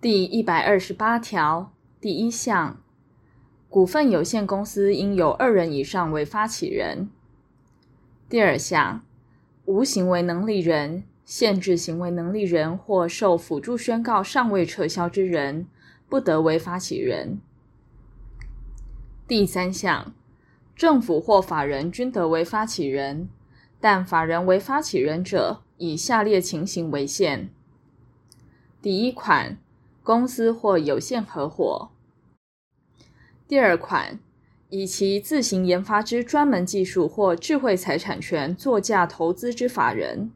第一百二十八條第一項，股份有限公司應有二人以上為發起人。第二項，無行為能力人、限制行為能力人或受輔助宣告尚未撤銷之人，不得為發起人。第三項，政府或法人均得為發起人，但法人為發起人者，以下列情形為限。第一款。公司或有限合夥。第二款，以其自行研發之專門技術或智慧財產權作價投資之法人。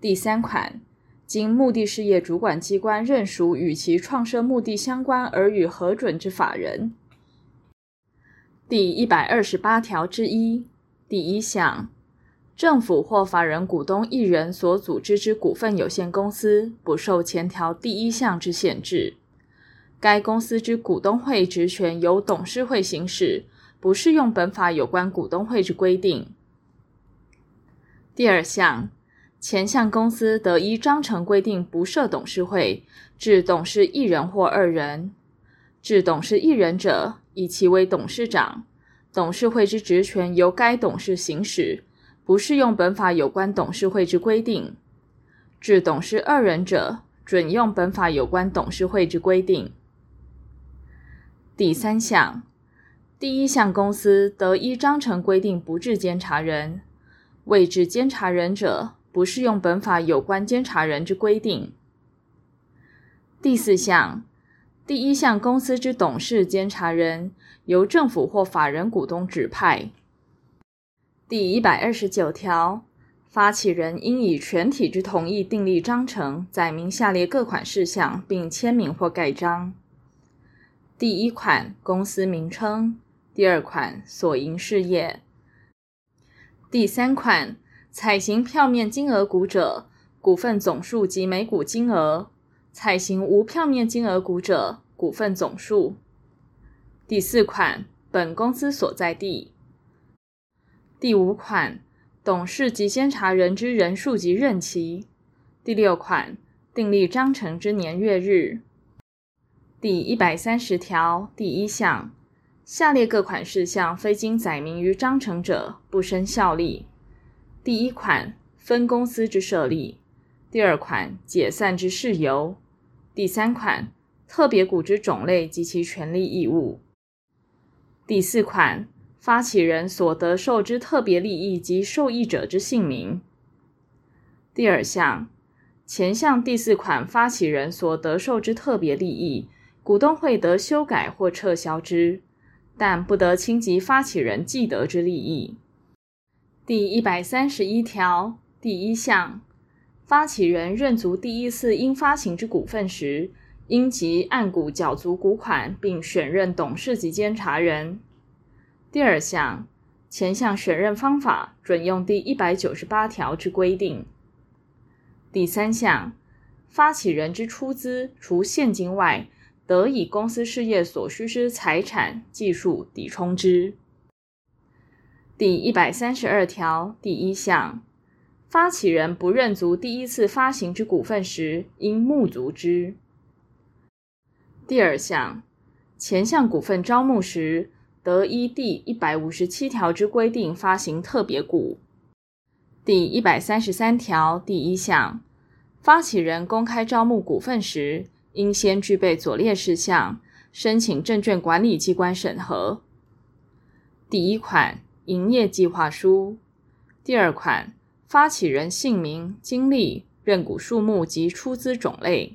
第三款，經目的事業主管機關認屬與其創設目的相關而予核准之法人。第一百二十八條之一第一項。政府或法人股東一人所組織之股份有限公司，不受前條第一項之限制。該公司之股東會職權由董事會行使，不適用本法有關股東會之規定。第二項，前項公司得依章程規定不設董事會，置董事一人或二人；置董事一人者，以其為董事長。董事會之職權由該董事行使。不適用本法有關董事會之規定，置董事二人者，準用本法有關董事會之規定。第三項，第一項公司得依章程規定不置監察人，未置監察人者，不適用本法有關監察人之規定。第四項，第一項公司之董事、監察人由政府或法人股東指派。第一百二十九條，發起人應以全體之同意訂立章程，載明下列各款事項，並簽名或蓋章。第一款，公司名稱；第二款，所營事業；第三款，採行票面金額股者，股份總數及每股金額；採行無票面金額股者，股份總數；第四款，本公司所在地。第五款，董事及監察人之人數及任期。第六款，訂立章程之年月日。第一百三十條第一項，下列各款事項非經載明於章程者，不生效力。第一款，分公司之設立。第二款，解散之事由。第三款，特別股之種類及其權利義務。第四款。發起人所得受之特別利益及受益者之姓名。第二項，前項第四款發起人所得受之特別利益，股東會得修改或撤銷之，但不得侵及發起人既得之利益。第一百三十一條第一項，發起人認足第一次應發行之股份時，應即按股繳足股款，並選任董事及監察人。第二項，前項選任方法準用第一百九十八條之規定。第三項，發起人之出資除現金外，得以公司事業所需之財產、技術抵充之。第一百三十二條第一項，發起人不認足第一次發行之股份時，應募足之。第二項，前項股份招募時。得依第一百五十七條之規定，發行特別股。第一百三十三條第一項，發起人公開招募股份時，應先具備左列事項，申請證券管理機關審核：第一款營業計劃書；第二款發起人姓名、經歷、認股數目及出資種類；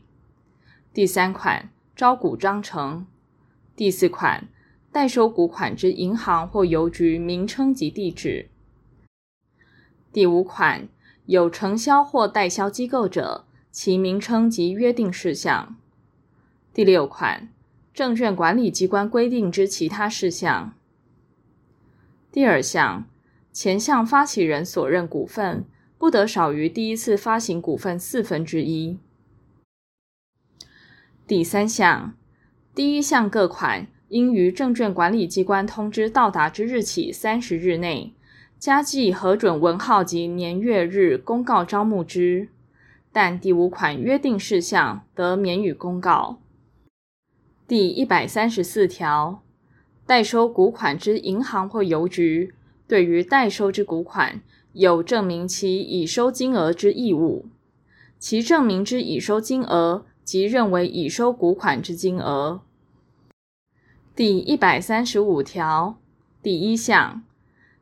第三款招股章程；第四款。代收股款之銀行或郵局名稱及地址。第五款，有承銷或代銷機構者，其名稱及約定事項。第六款，證券管理機關規定之其他事項。第二項，前項發起人所認股份，不得少於第一次發行股份四分之一。第三項，第一項各款。應於證券管理機關通知到達之日起三十日內，加記核准文號及年月日公告招募之。但第五款約定事項得免予公告。第一百三十四條，代收股款之銀行或郵局，對於代收之股款有證明其已收金額之義務，其證明之已收金額即認為已收股款之金額。第一百三十五條第一項，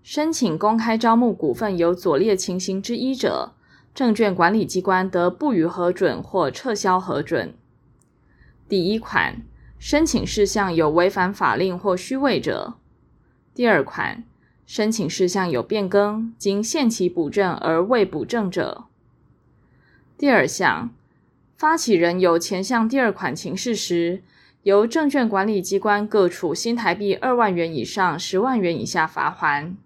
申請公開招募股份有左列情形之一者，證券管理機關得不予核准或撤銷核准。第一款，申請事項有違反法令或虛偽者；第二款，申請事項有變更，經限期補正而未補正者。第二項，發起人有前項第二款情事時。由證券管理機關各處新台幣二萬元以上十萬元以下罰款。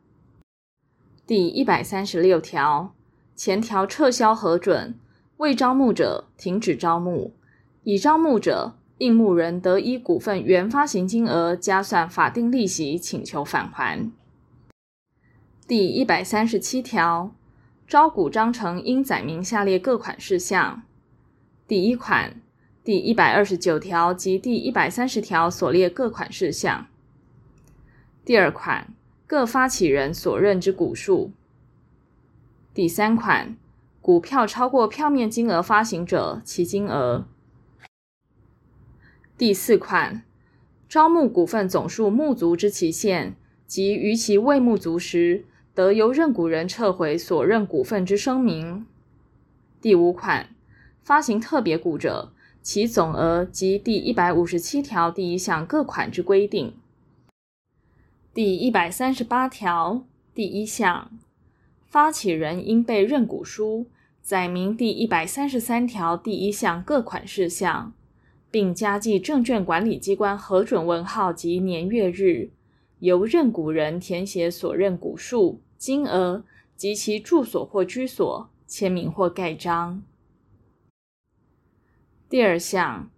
第一百三十六條，前條撤銷核准，未招募者停止招募，已招募者應募人得依股份原發行金額加算法定利息請求返還。第一百三十七條，招股章程應載明下列各款事項：第一款。第一百二十九條及第一百三十條所列各款事項。第二款，各發起人所認之股數。第三款，股票超過票面金額發行者，其金額。第四款，招募股份總數募足之期限及逾期未募足時，得由認股人撤回所認股份之聲明。第五款，發行特別股者，其總額及第一百五十七條第一項各款之規定。第一百三十八條第一項，發起人應備認股書，載明第一百三十三條第一項各款事項，並加記證券管理機關核准文號及年月日，由認股人填寫所認股數、金額及其住所或居所，簽名或蓋章。第二項，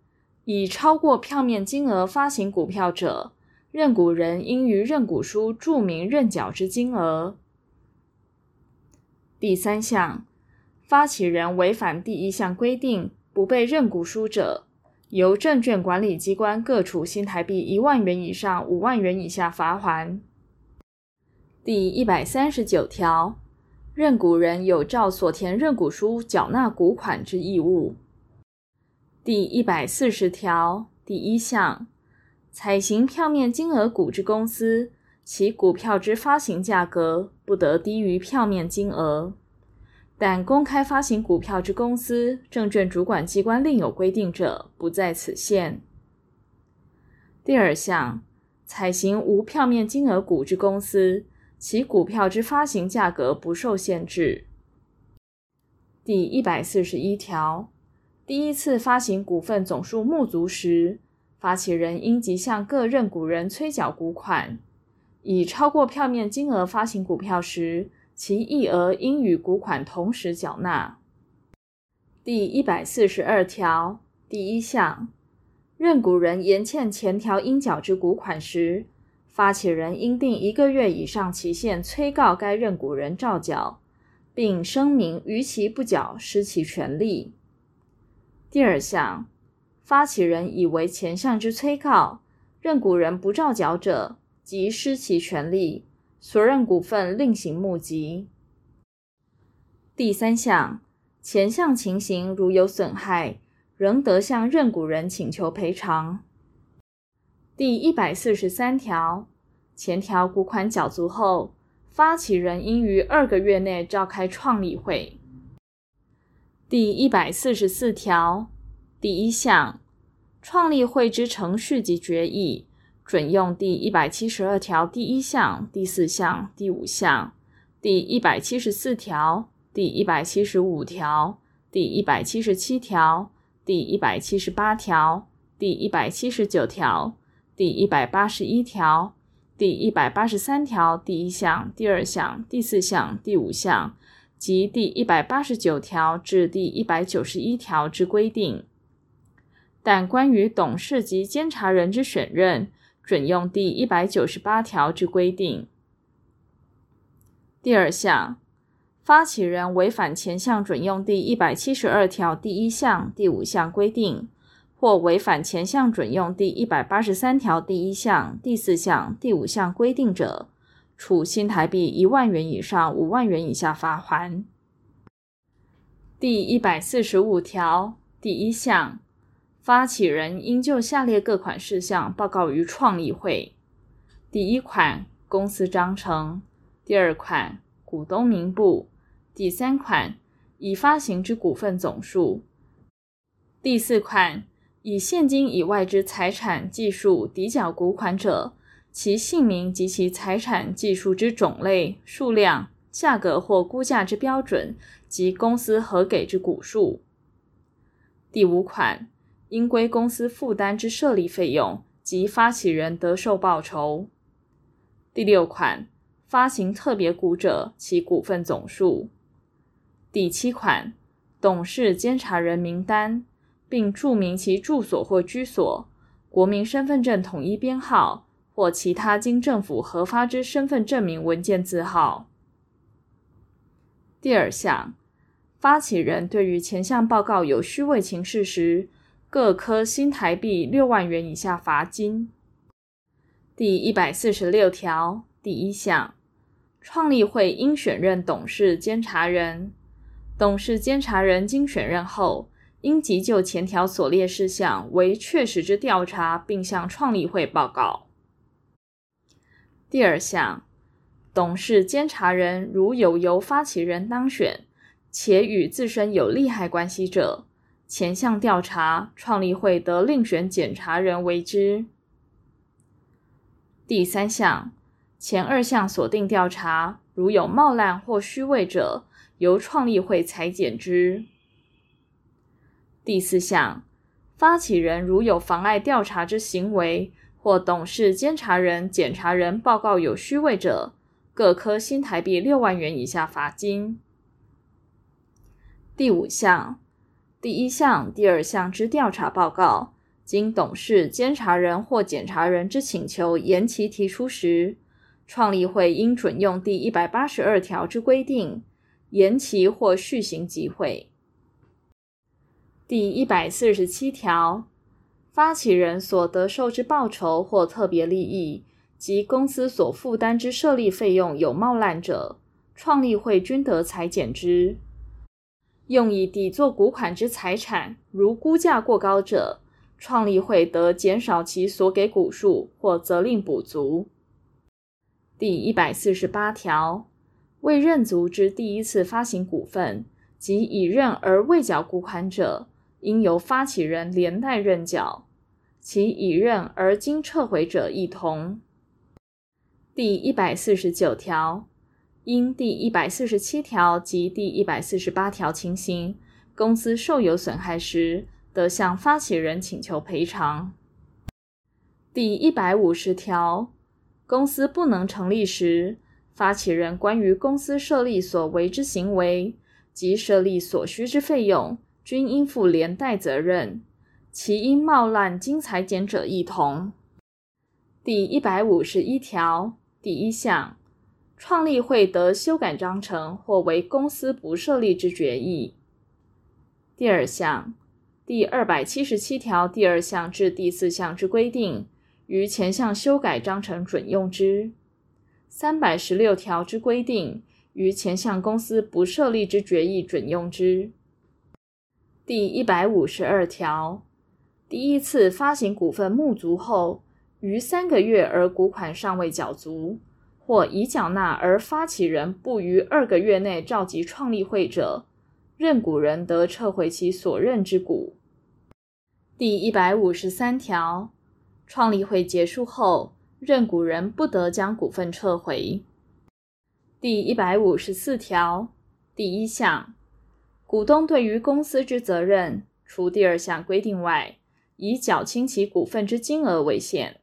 以超過票面金額發行股票者，認股人應於認股書注明認繳之金額。第三項，發起人違反第一項規定，不備認股書者，由證券管理機關各處新台幣一萬元以上五萬元以下罰鍰。第一百三十九條，認股人有照所填認股書繳納股款之義務。第一百四十條第一項，採行票面金額股之公司，其股票之發行價格不得低於票面金額，但公開發行股票之公司，證券主管機關另有規定者，不在此限。第二項，採行無票面金額股之公司，其股票之發行價格不受限制。第一百四十一條。第一次發行股份總數募足時，發起人應即向各認股人催繳股款；以超過票面金額發行股票時，其溢額應與股款同時繳納。第一百四十二條第一項，認股人延欠前條應繳之股款時，發起人應定一個月以上期限催告該認股人照繳，並聲明逾期不繳失其權利。第二項，發起人已為前項之催告，認股人不照繳者，即失其權利，所認股份另行募集。第三項，前項情形如有損害，仍得向認股人請求賠償。第一百四十三條，前條股款繳足後，發起人應於二個月內召開創立會。第一百四十四條，第一項，創立會之程序及決議，準用第一百七十二條第一項、第四項、第五項、第一百七十四條、第一百七十五條、第一百七十七條、第一百七十八條、第一百七十九條、第一百八十一條、第一百八十三條第一項、第二項、第四項、第五項，及第一百八十九條至第一百九十一條之規定，但關於董事及監察人之選任，準用第一百九十八條之規定。第二項，發起人違反前項準用第一百七十二條第一項、第五項規定，或違反前項準用第一百八十三條第一項、第四項、第五項規定者。處新台幣一萬元以上五萬元以下罰鍰。第一百四十五條第一項，發起人應就下列各款事項報告於創立會：第一款，公司章程；第二款，股東名簿；第三款，已發行之股份總數；第四款，以現金以外之財產技術抵繳股款者。其姓名及其財產、技術之種類、數量、價格或估價之標準，及公司核給之股數。第五款，應歸公司負擔之設立費用及發起人得受報酬。第六款，發行特別股者，其股份總數。第七款，董事、監察人名單，並注明其住所或居所、國民身份證統一編號。或其他經政府核發之身份證明文件字號。第二項，發起人對於前項報告有虛偽情事時，各科新台幣六萬元以下罰金。第一百四十六條第一項，創立會應選任董事監察人，董事監察人經選任後，應即就前條所列事項為確實之調查，並向創立會報告。第二項，董事監察人如有由發起人當選且與自身有利害關係者，前項調查創立會得另選檢查人為之。第三項，前二項鎖定調查如有冒濫或虛偽者，由創立會裁減之。第四項，發起人如有妨礙調查之行為。或董事、監察人、檢查人報告有虛偽者，各科新台幣六萬元以下罰金。第五項，第一項、第二項之調查報告，經董事、監察人或檢查人之請求延期提出時，創立會應準用第一百八十二條之規定，延期或續行集會。第一百四十七條。發起人所得受之報酬或特別利益及公司所負擔之設立費用有冒濫者，創立會均得裁減之。用以抵作股款之財產如估價過高者，創立會得減少其所給股數或責令補足。第一百四十八條，未認足之第一次發行股份及已認而未繳股款者，應由發起人連帶認繳。其已認而經撤回者亦同。第一百四十九條，因第一百四十七條及第一百四十八條情形，公司受有損害時，得向發起人請求賠償。第一百五十條，公司不能成立時，發起人關於公司設立所為之行為及設立所需之費用，均應負連帶責任。其因冒濫經裁減者，亦同。第一百五十一條第一項，創立會得修改章程或為公司不設立之決議。第二項，第二百七十七條第二項至第四項之規定，於前項修改章程準用之。三百十六條之規定，於前項公司不設立之決議準用之。第一百五十二條。第一次發行股份募足後，逾三個月而股款尚未繳足，或已繳納而發起人不於二個月內召集創立會者，認股人得撤回其所認之股。第一百五十三條，創立會結束後，認股人不得將股份撤回。第一百五十四條第一項，股東對於公司之責任，除第二項規定外，以繳清其股份之金額為限。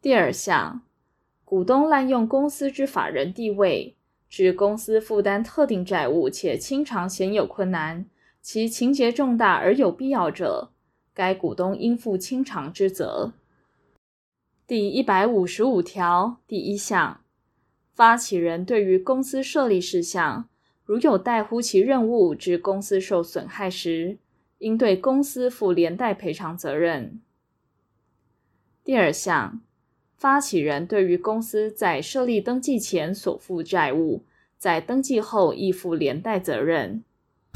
第二項，股東濫用公司之法人地位，致公司負擔特定債務且清償顯有困難，其情節重大而有必要者，該股東應負清償之責。第一百五十五條第一項，發起人對於公司設立事項，如有怠忽其任務，致公司受損害時，應對公司負連帶賠償責任。第二項，發起人對於公司在設立登記前所負債務，在登記後亦負連帶責任。